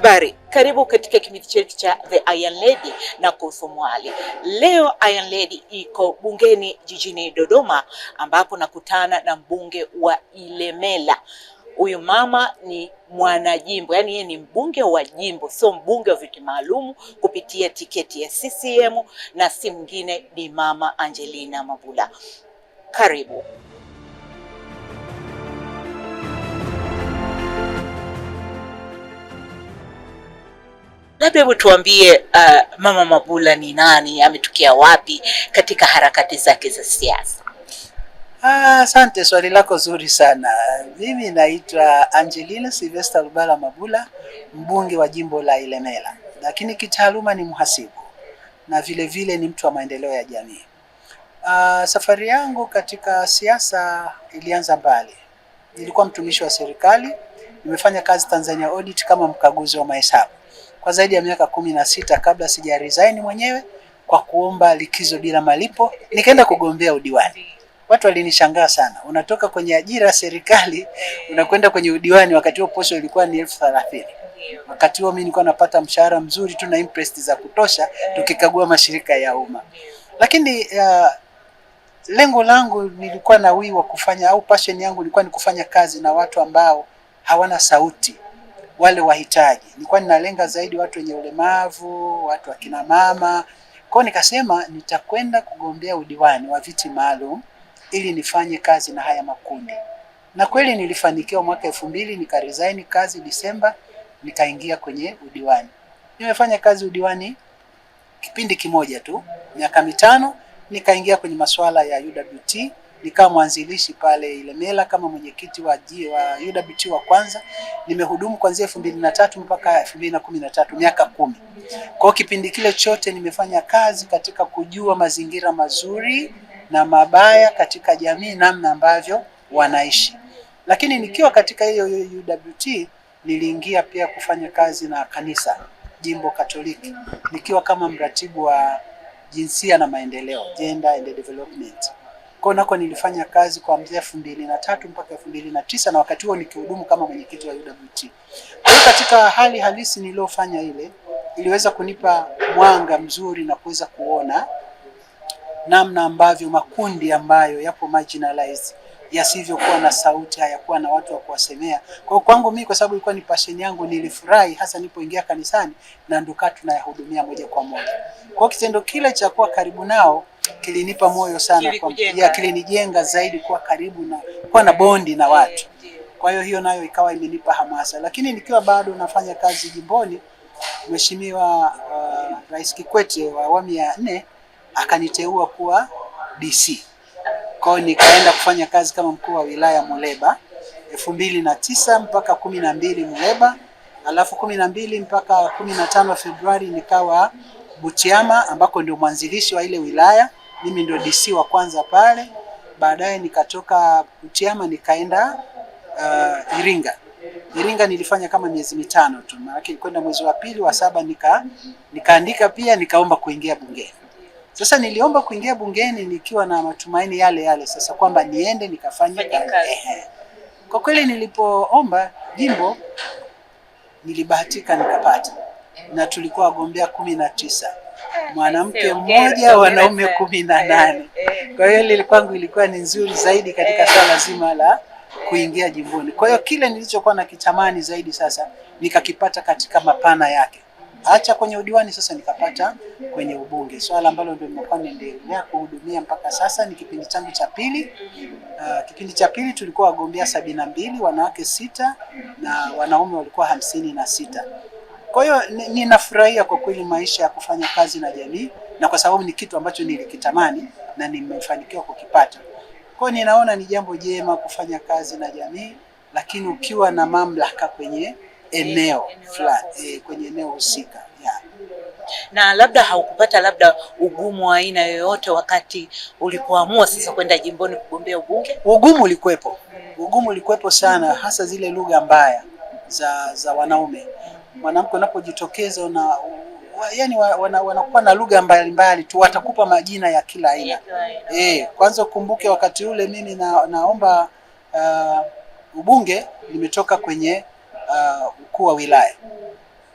Habari, karibu katika kipindi chetu cha The Iron Lady na Kulthum Mwali. Leo Iron Lady iko bungeni jijini Dodoma, ambapo nakutana na mbunge wa Ilemela. Huyu mama ni mwanajimbo, yaani yeye ni mbunge wa jimbo, sio mbunge wa viti maalum kupitia tiketi ya CCM, na si mwingine ni mama Angelina Mabula. Karibu. labda hebu tuambie, uh, Mama Mabula ni nani? Ametokea wapi katika harakati zake za siasa? Ah, asante ah, swali lako zuri sana. Mimi naitwa Angelina Sylvester Lubala Mabula, mbunge wa jimbo la Ilemela, lakini kitaaluma ni mhasibu na vile vile ni mtu wa maendeleo ya jamii. Uh, safari yangu katika siasa ilianza mbali. Nilikuwa mtumishi wa serikali, nimefanya kazi Tanzania Audit kama mkaguzi wa mahesabu kwa zaidi ya miaka kumi na sita kabla sija resign mwenyewe kwa kuomba likizo bila malipo, nikaenda kugombea udiwani. Watu walinishangaa sana, unatoka kwenye ajira ya serikali unakwenda kwenye udiwani. Wakati huo posho ilikuwa ni elfu thelathini. Wakati huo mimi nilikuwa napata mshahara mzuri tu na interest za kutosha, tukikagua mashirika ya umma. Lakini uh, lengo langu nilikuwa na wii wa kufanya au passion yangu ilikuwa ni kufanya kazi na watu ambao hawana sauti wale wahitaji. Nilikuwa ninalenga zaidi watu wenye ulemavu, watu kina mama. Kwa hiyo nikasema nitakwenda kugombea udiwani wa viti maalum ili nifanye kazi na haya makundi, na kweli nilifanikiwa. Mwaka elfu mbili nikaresign kazi Disemba, nikaingia kwenye udiwani. Nimefanya kazi udiwani kipindi kimoja tu miaka mitano, nikaingia kwenye masuala ya UWT nikawa mwanzilishi pale Ilemela kama mwenyekiti wa, wa UWT wa kwanza. Nimehudumu kuanzia elfu mbili na tatu mpaka elfu mbili na kumi na tatu miaka kumi. Kwa kipindi kile chote nimefanya kazi katika kujua mazingira mazuri na mabaya katika jamii, namna ambavyo wanaishi. Lakini nikiwa katika hiyo UWT niliingia pia kufanya kazi na kanisa jimbo Katoliki nikiwa kama mratibu wa jinsia na maendeleo, gender and development. Kwa nako nilifanya kazi kuanzia elfu mbili na tatu mpaka elfu mbili na tisa na wakati huo nikihudumu kama mwenyekiti wa UWT. Kwa katika hali halisi niliyofanya ile iliweza kunipa mwanga mzuri na kuweza kuona namna ambavyo makundi ambayo yapo marginalized yasivyokuwa na sauti, hayakuwa na watu wa kuwasemea. Kwa hiyo kwangu mimi, kwa sababu ilikuwa ni passion yangu, nilifurahi hasa nilipoingia kanisani na nduka tunayahudumia moja kwa moja. Kwa kitendo kile cha kuwa karibu nao kilinipa moyo sana kwa, ya kilinijenga zaidi kuwa karibu na kuwa na bondi na watu. Kwa hiyo hiyo nayo ikawa imenipa hamasa, lakini nikiwa bado nafanya kazi jimboni, Mheshimiwa uh, Rais Kikwete wa awamu ya nne akaniteua kuwa DC. Kwa hiyo nikaenda kufanya kazi kama mkuu wa wilaya Muleba elfu mbili na tisa mpaka kumi na mbili Muleba, alafu kumi na mbili mpaka kumi na tano Februari nikawa Butiama ambako ndio mwanzilishi wa ile wilaya mimi ndio DC wa kwanza pale. Baadaye nikatoka Butiama nikaenda uh, Iringa. Iringa nilifanya kama miezi mitano tu, maana kwenda mwezi wa pili wa saba nika nikaandika pia nikaomba kuingia bungeni. Sasa niliomba kuingia bungeni nikiwa na matumaini yale yale sasa kwamba niende nikafanye kazi. Kwa kweli nilipoomba jimbo nilibahatika nikapata, na tulikuwa wagombea kumi na tisa mwanamke mmoja wanaume kumi na eh, nane. Eh, eh. Kwa hiyo ile kwangu ilikuwa ni nzuri zaidi katika swala zima la kuingia jimboni. Kwa hiyo kile nilichokuwa nakitamani zaidi sasa nikakipata katika mapana yake, acha kwenye udiwani, sasa nikapata kwenye ubunge, swala ambalo ndio nimekuwa niendelea kuhudumia mpaka sasa. Ni kipindi changu cha pili. Uh, kipindi cha pili tulikuwa wagombea sabini na mbili, wanawake sita na wanaume walikuwa hamsini na sita. Kwa hiyo ninafurahia kwa kweli maisha ya kufanya kazi na jamii, na kwa sababu ni kitu ambacho nilikitamani na nimefanikiwa kukipata. Kwa hiyo ninaona ni jambo jema kufanya kazi na jamii, lakini ukiwa na mamlaka kwenye eneo fulani, e, kwenye eneo husika yeah. Na labda haukupata labda ugumu wa aina yoyote wakati ulipoamua sasa kwenda jimboni kugombea ubunge? Ugumu ulikuwepo, ugumu ulikuwepo sana, hasa zile lugha mbaya za, za wanaume mwanamke unapojitokeza na yaani wanakuwa na lugha mbalimbali tu, watakupa majina ya kila aina eh. Kwanza ukumbuke wakati ule mimi na, naomba uh, ubunge nimetoka kwenye uh, ukuu wa wilaya.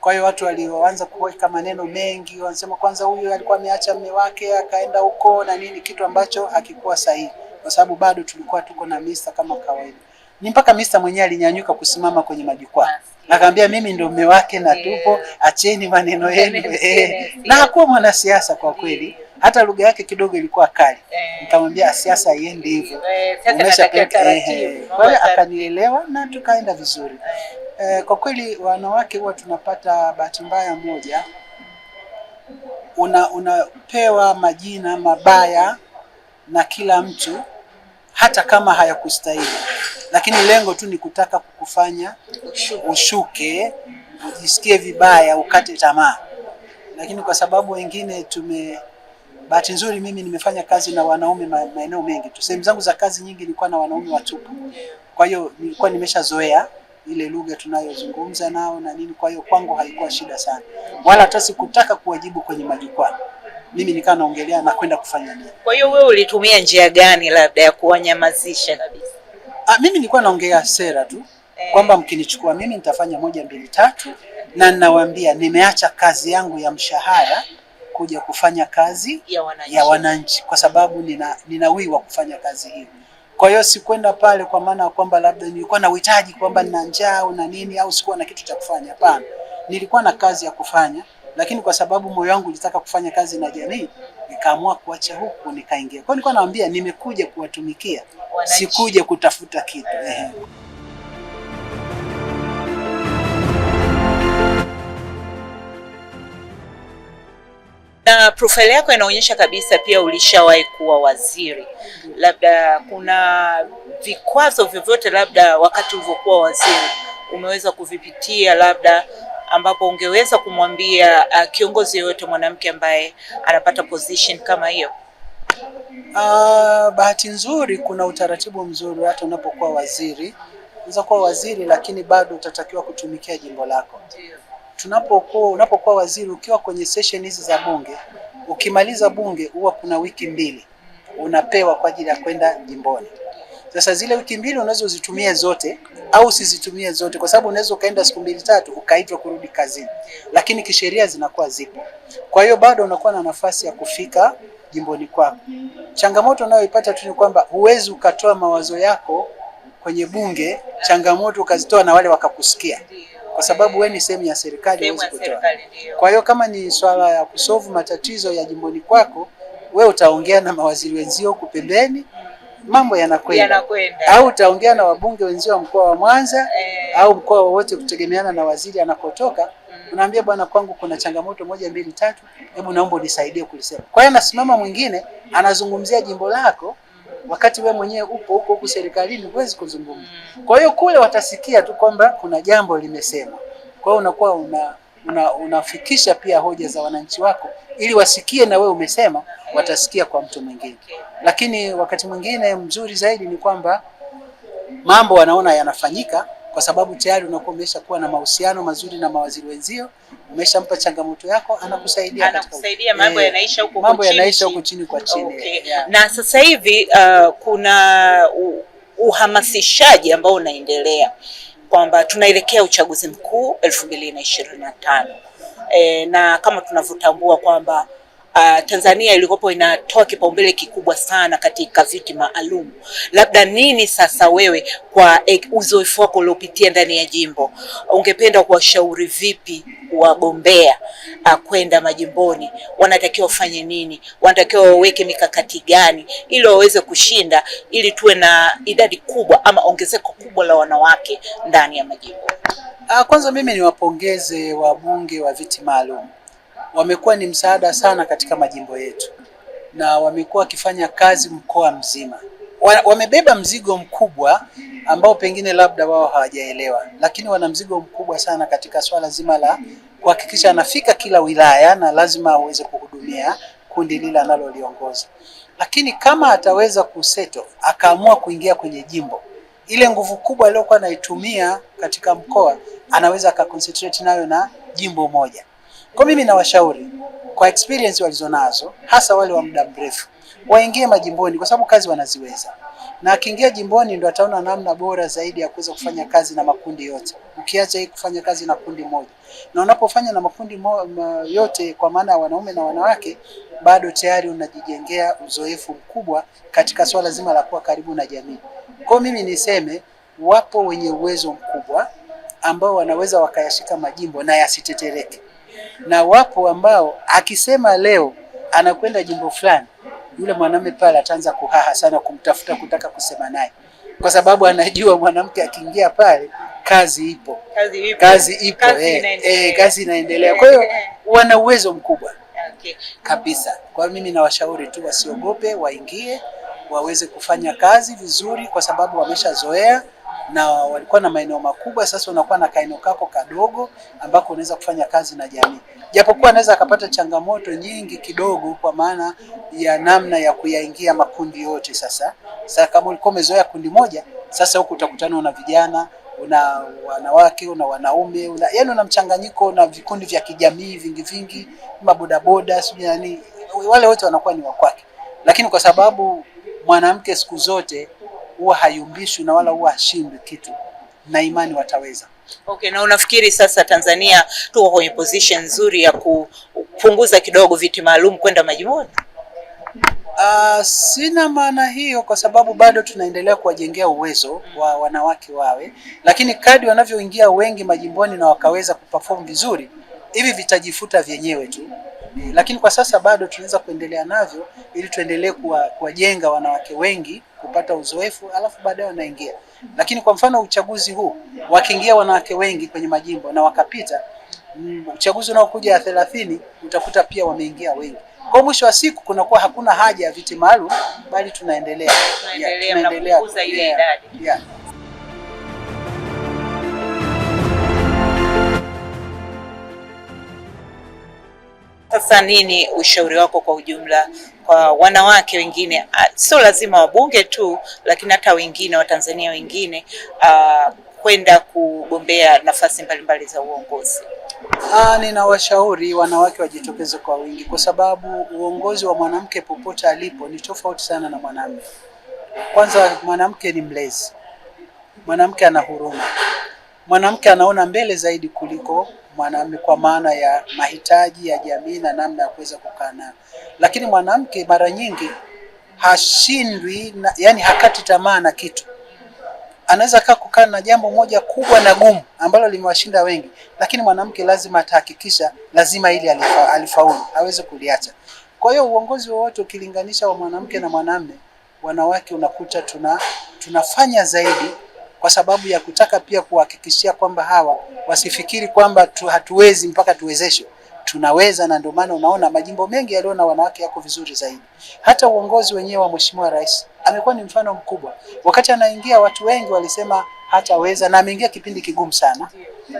Kwa hiyo watu walioanza kuweka maneno mengi wanasema, kwanza huyu alikuwa ameacha mme wake akaenda huko na nini, kitu ambacho hakikuwa sahihi, kwa sababu bado tulikuwa tuko na mista kama kawaida ni mpaka Mr. mwenyewe alinyanyuka kusimama kwenye majukwaa akaambia, mimi ndio mume wake na tupo, acheni maneno yenu. Eh, na hakuwa mwanasiasa kwa kweli, hata lugha yake kidogo ilikuwa kali. Eh. Nikamwambia siasa iende hivyo, eh, kwa hiyo akanielewa na tukaenda vizuri. Eh, kwa kweli wanawake huwa tunapata bahati mbaya moja, una unapewa majina mabaya na kila mtu hata kama hayakustahili lakini lengo tu ni kutaka kukufanya ushuke, ujisikie vibaya, ukate tamaa. Lakini kwa sababu wengine tume, bahati nzuri mimi nimefanya kazi na wanaume maeneo mengi tu, sehemu zangu za kazi nyingi nilikuwa na wanaume watupu, kwa hiyo nilikuwa nimeshazoea ile lugha tunayozungumza nao na nini, kwa hiyo kwangu haikuwa shida sana, wala hata sikutaka kuwajibu kwenye majukwaa mimi nikaa naongelea na kwenda kufanya nini. Kwa hiyo wewe ulitumia njia gani labda ya kuwanyamazisha kabisa? Ah, mimi nilikuwa naongea sera tu eh. kwamba mkinichukua mimi nitafanya moja mbili tatu, na ninawaambia nimeacha kazi yangu ya mshahara kuja kufanya kazi ya wananchi, ya wananchi kwa sababu nina, nina wiwa kufanya kazi hii. Kwa hiyo sikwenda pale kwa maana ya kwamba labda nilikuwa na uhitaji kwamba nina njaa au na nini au sikuwa na kitu cha kufanya. Hapana, nilikuwa na kazi ya kufanya, lakini kwa sababu moyo wangu ulitaka kufanya kazi na jamii nikaamua kuacha huku nikaingia. Kwa nilikuwa nawaambia nimekuja kuwatumikia, sikuja kutafuta kitu eh. Na profile yako inaonyesha kabisa pia ulishawahi kuwa waziri. Labda kuna vikwazo vyovyote, labda wakati ulivyokuwa waziri umeweza kuvipitia, labda ambapo ungeweza kumwambia uh, kiongozi yoyote mwanamke ambaye anapata position kama hiyo? Uh, bahati nzuri kuna utaratibu mzuri, hata unapokuwa waziri unaweza kuwa waziri, lakini bado utatakiwa kutumikia jimbo lako. Tunapokuwa unapokuwa waziri, ukiwa kwenye session hizi za bunge, ukimaliza bunge huwa kuna wiki mbili unapewa kwa ajili ya kwenda jimboni. Sasa zile wiki mbili unaweza uzitumie zote au usizitumie zote, kwa sababu unaweza ukaenda siku mbili tatu ukaitwa kurudi kazini, lakini kisheria zinakuwa zipo. Kwa hiyo bado unakuwa na nafasi ya kufika jimboni kwako. Changamoto unayoipata tu ni kwamba huwezi ukatoa mawazo yako kwenye bunge, changamoto ukazitoa na wale wakakusikia, kwa sababu wewe ni sehemu ya serikali, huwezi kutoa. Kwa hiyo kama ni swala ya kusovu matatizo ya jimboni kwako, we utaongea na mawaziri wenzio huku pembeni mambo yanakwenda, Au utaongea na wabunge wenzio wa mkoa wa Mwanza e, au mkoa wowote kutegemeana na waziri anakotoka mm. Unaambia bwana, kwangu kuna changamoto moja mbili tatu, hebu naomba unisaidie kulisema. Kwa hiyo anasimama mwingine anazungumzia jimbo lako wakati we mwenyewe upo huko huko serikalini huwezi kuzungumza. Mm. Kwa hiyo kule watasikia tu kwamba kuna jambo limesema Kwa hiyo unakuwa una, una, unafikisha pia hoja za wananchi wako ili wasikie na we umesema watasikia kwa mtu mwingine. Lakini wakati mwingine mzuri zaidi ni kwamba mambo wanaona yanafanyika kwa sababu tayari unakuwa umesha kuwa na mahusiano mazuri na mawaziri wenzio, umeshampa changamoto yako, anakusaidia anakusaidia, mambo eh, yanaisha huko, mambo yanaisha huko chini kwa chini. Okay. Yeah. Na sasa hivi uh, kuna uhamasishaji ambao unaendelea kwamba tunaelekea uchaguzi mkuu elfu mbili na ishirini na tano e, na kama tunavyotambua kwamba uh, Tanzania ilikopo inatoa kipaumbele kikubwa sana katika viti maalum. Labda nini sasa wewe kwa uzoefu wako uliopitia ndani ya jimbo ungependa kuwashauri vipi wagombea uh, kwenda majimboni? Wanatakiwa wafanye nini? Wanatakiwa waweke mikakati gani ili waweze kushinda, ili tuwe na idadi kubwa ama ongezeko kubwa la wanawake ndani ya majimbo? Uh, kwanza mimi niwapongeze wabunge wa viti maalum wamekuwa ni msaada sana katika majimbo yetu na wamekuwa wakifanya kazi mkoa mzima. Wamebeba mzigo mkubwa ambao pengine labda wao hawajaelewa, lakini wana mzigo mkubwa sana katika swala zima la kuhakikisha anafika kila wilaya na lazima aweze kuhudumia kundi lile analoliongoza. Lakini kama ataweza kuseto akaamua kuingia kwenye jimbo, ile nguvu kubwa aliyokuwa anaitumia katika mkoa anaweza akaconcentrate nayo na jimbo moja. Kwa mimi nawashauri kwa experience walizonazo, hasa wale wa muda mrefu, waingie majimboni, kwa sababu kazi wanaziweza, na akiingia jimboni ndo ataona namna bora zaidi ya kuweza kufanya kazi na makundi yote, ukiacha hii kufanya kazi na kundi moja. Na unapofanya na makundi mo, ma, yote kwa maana ya wanaume na wanawake, bado tayari unajijengea uzoefu mkubwa katika swala zima la kuwa karibu na jamii. Kwa mimi niseme wapo wenye uwezo mkubwa ambao wanaweza wakayashika majimbo na yasitetereke na wapo ambao akisema leo anakwenda jimbo fulani, yule mwanamume pale ataanza kuhaha sana kumtafuta, kutaka kusema naye, kwa sababu anajua mwanamke akiingia pale kazi ipo, kazi ipo, kazi ipo, kazi eh, eh, inaendelea. Kwa hiyo wana uwezo mkubwa kabisa. Kwa mimi nawashauri tu wasiogope, waingie waweze kufanya kazi vizuri, kwa sababu wameshazoea na walikuwa na maeneo makubwa. Sasa unakuwa na kaeneo kako kadogo ambako unaweza kufanya kazi na jamii, japokuwa anaweza akapata changamoto nyingi kidogo, kwa maana ya namna ya kuyaingia makundi yote. Sasa sasa kama ulikuwa umezoea kundi moja, sasa huku utakutana na vijana una wanawake una wanaume una, yani una mchanganyiko na vikundi vya kijamii vingi vingi, mabodaboda sijui nani, wale wote wanakuwa ni wakwake, lakini kwa sababu mwanamke siku zote huwa hayumbishwi na wala huwa hashindwi kitu, na imani wataweza. Okay, na unafikiri sasa Tanzania tuko kwenye position nzuri ya kupunguza kidogo viti maalum kwenda majimoni? Uh, ah, sina maana hiyo kwa sababu bado tunaendelea kuwajengea uwezo wa wanawake wawe, lakini kadi wanavyoingia wengi majimboni na wakaweza kuperform vizuri, hivi vitajifuta vyenyewe tu, lakini kwa sasa bado tunaweza kuendelea navyo ili tuendelee kuwajenga wanawake wengi kupata uzoefu, alafu baadaye wanaingia. Lakini kwa mfano uchaguzi huu wakiingia wanawake wengi kwenye majimbo na wakapita, mm, uchaguzi unaokuja ya thelathini utakuta pia wameingia wengi. Kwa mwisho wa siku kunakuwa hakuna haja ya viti maalum, bali tunaendelea tunaendelea, kupunguza ile idadi. Sasa nini ushauri wako kwa ujumla kwa wanawake wengine, ah, sio lazima wabunge tu, lakini hata wengine Watanzania wengine uh, kwenda kugombea nafasi mbalimbali za uongozi? Ah, ninawashauri wanawake wajitokeze kwa wingi, kwa sababu uongozi wa mwanamke popote alipo ni tofauti sana na mwanamume. Kwanza, mwanamke ni mlezi, mwanamke ana huruma, mwanamke anaona mbele zaidi kuliko mwanamume kwa maana ya mahitaji ya jamii na namna ya kuweza kukaa nayo, lakini mwanamke mara nyingi hashindwi na, yani hakati tamaa na kitu. Anaweza kaa kukaa na jambo moja kubwa na gumu ambalo limewashinda wengi, lakini mwanamke lazima atahakikisha, lazima ili alifa, alifaulu aweze kuliacha. Kwa hiyo uongozi wowote ukilinganisha wa mwanamke na mwanamume, wanawake unakuta tuna tunafanya zaidi kwa sababu ya kutaka pia kuhakikishia kwamba hawa wasifikiri kwamba tu hatuwezi mpaka tuwezeshwe tunaweza na ndio maana unaona majimbo mengi yaliyo na wanawake yako vizuri zaidi. Hata uongozi wenyewe wa Mheshimiwa Rais amekuwa ni mfano mkubwa. Wakati anaingia, watu wengi walisema hataweza, na ameingia kipindi kigumu sana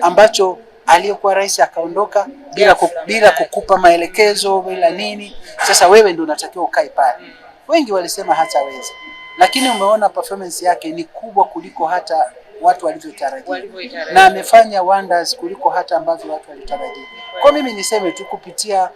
ambacho aliyekuwa rais akaondoka bila bila kukupa maelekezo bila nini. Sasa wewe ndio unatakiwa ukae pale, wengi walisema hataweza lakini umeona performance yake ni kubwa kuliko hata watu walivyotarajia na amefanya wonders kuliko hata ambavyo watu walitarajia. Kwa mimi niseme tu kupitia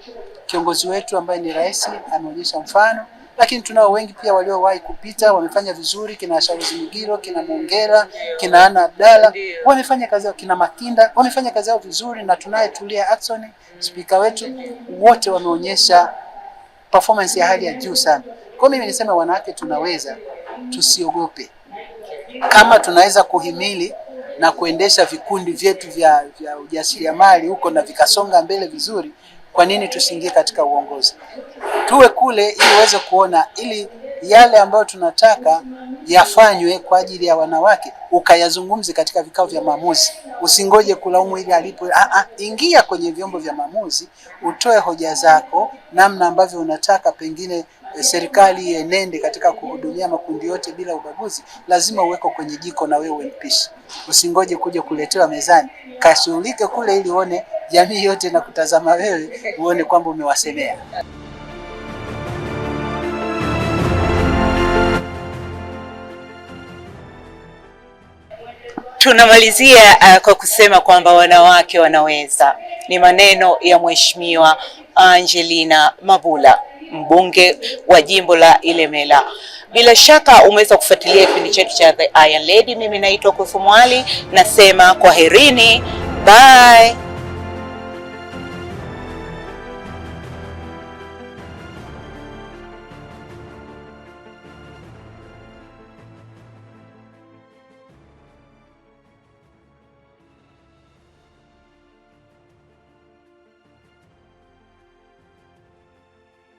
kiongozi wetu ambaye ni rais ameonyesha mfano, lakini tunao wengi pia waliowahi kupita wamefanya vizuri, kina Shauzi Migiro, kina Mongera, kina Ana Abdalla wamefanya kazi yao, kina Makinda wamefanya kazi yao vizuri, na tunaye Tulia Ackson spika wetu, wote wameonyesha performance ya hali ya juu sana. Kwa mimi nisema wanawake tunaweza, tusiogope. Kama tunaweza kuhimili na kuendesha vikundi vyetu vya, vya ujasiriamali huko na vikasonga mbele vizuri, kwa nini tusiingie katika uongozi? Tuwe kule ili uweze kuona ili yale ambayo tunataka yafanywe kwa ajili ya wanawake ukayazungumze katika vikao vya maamuzi. Usingoje kulaumu ili alipo. Aa, ah, ah, ingia kwenye vyombo vya maamuzi, utoe hoja zako, namna ambavyo unataka pengine eh, serikali yenende katika kuhudumia makundi yote bila ubaguzi. Lazima uweko kwenye jiko na wewe mpishi, usingoje kuja kuletewa mezani, kashughulike kule ili uone jamii yote na kutazama wewe, uone kwamba umewasemea. Tunamalizia uh, kwa kusema kwamba wanawake wanaweza. Ni maneno ya Mheshimiwa Angelina Mabula, mbunge wa jimbo la Ilemela. Bila shaka umeweza kufuatilia kipindi chetu cha The Iron Lady. Mimi naitwa Kusumwali, nasema kwaherini, bye.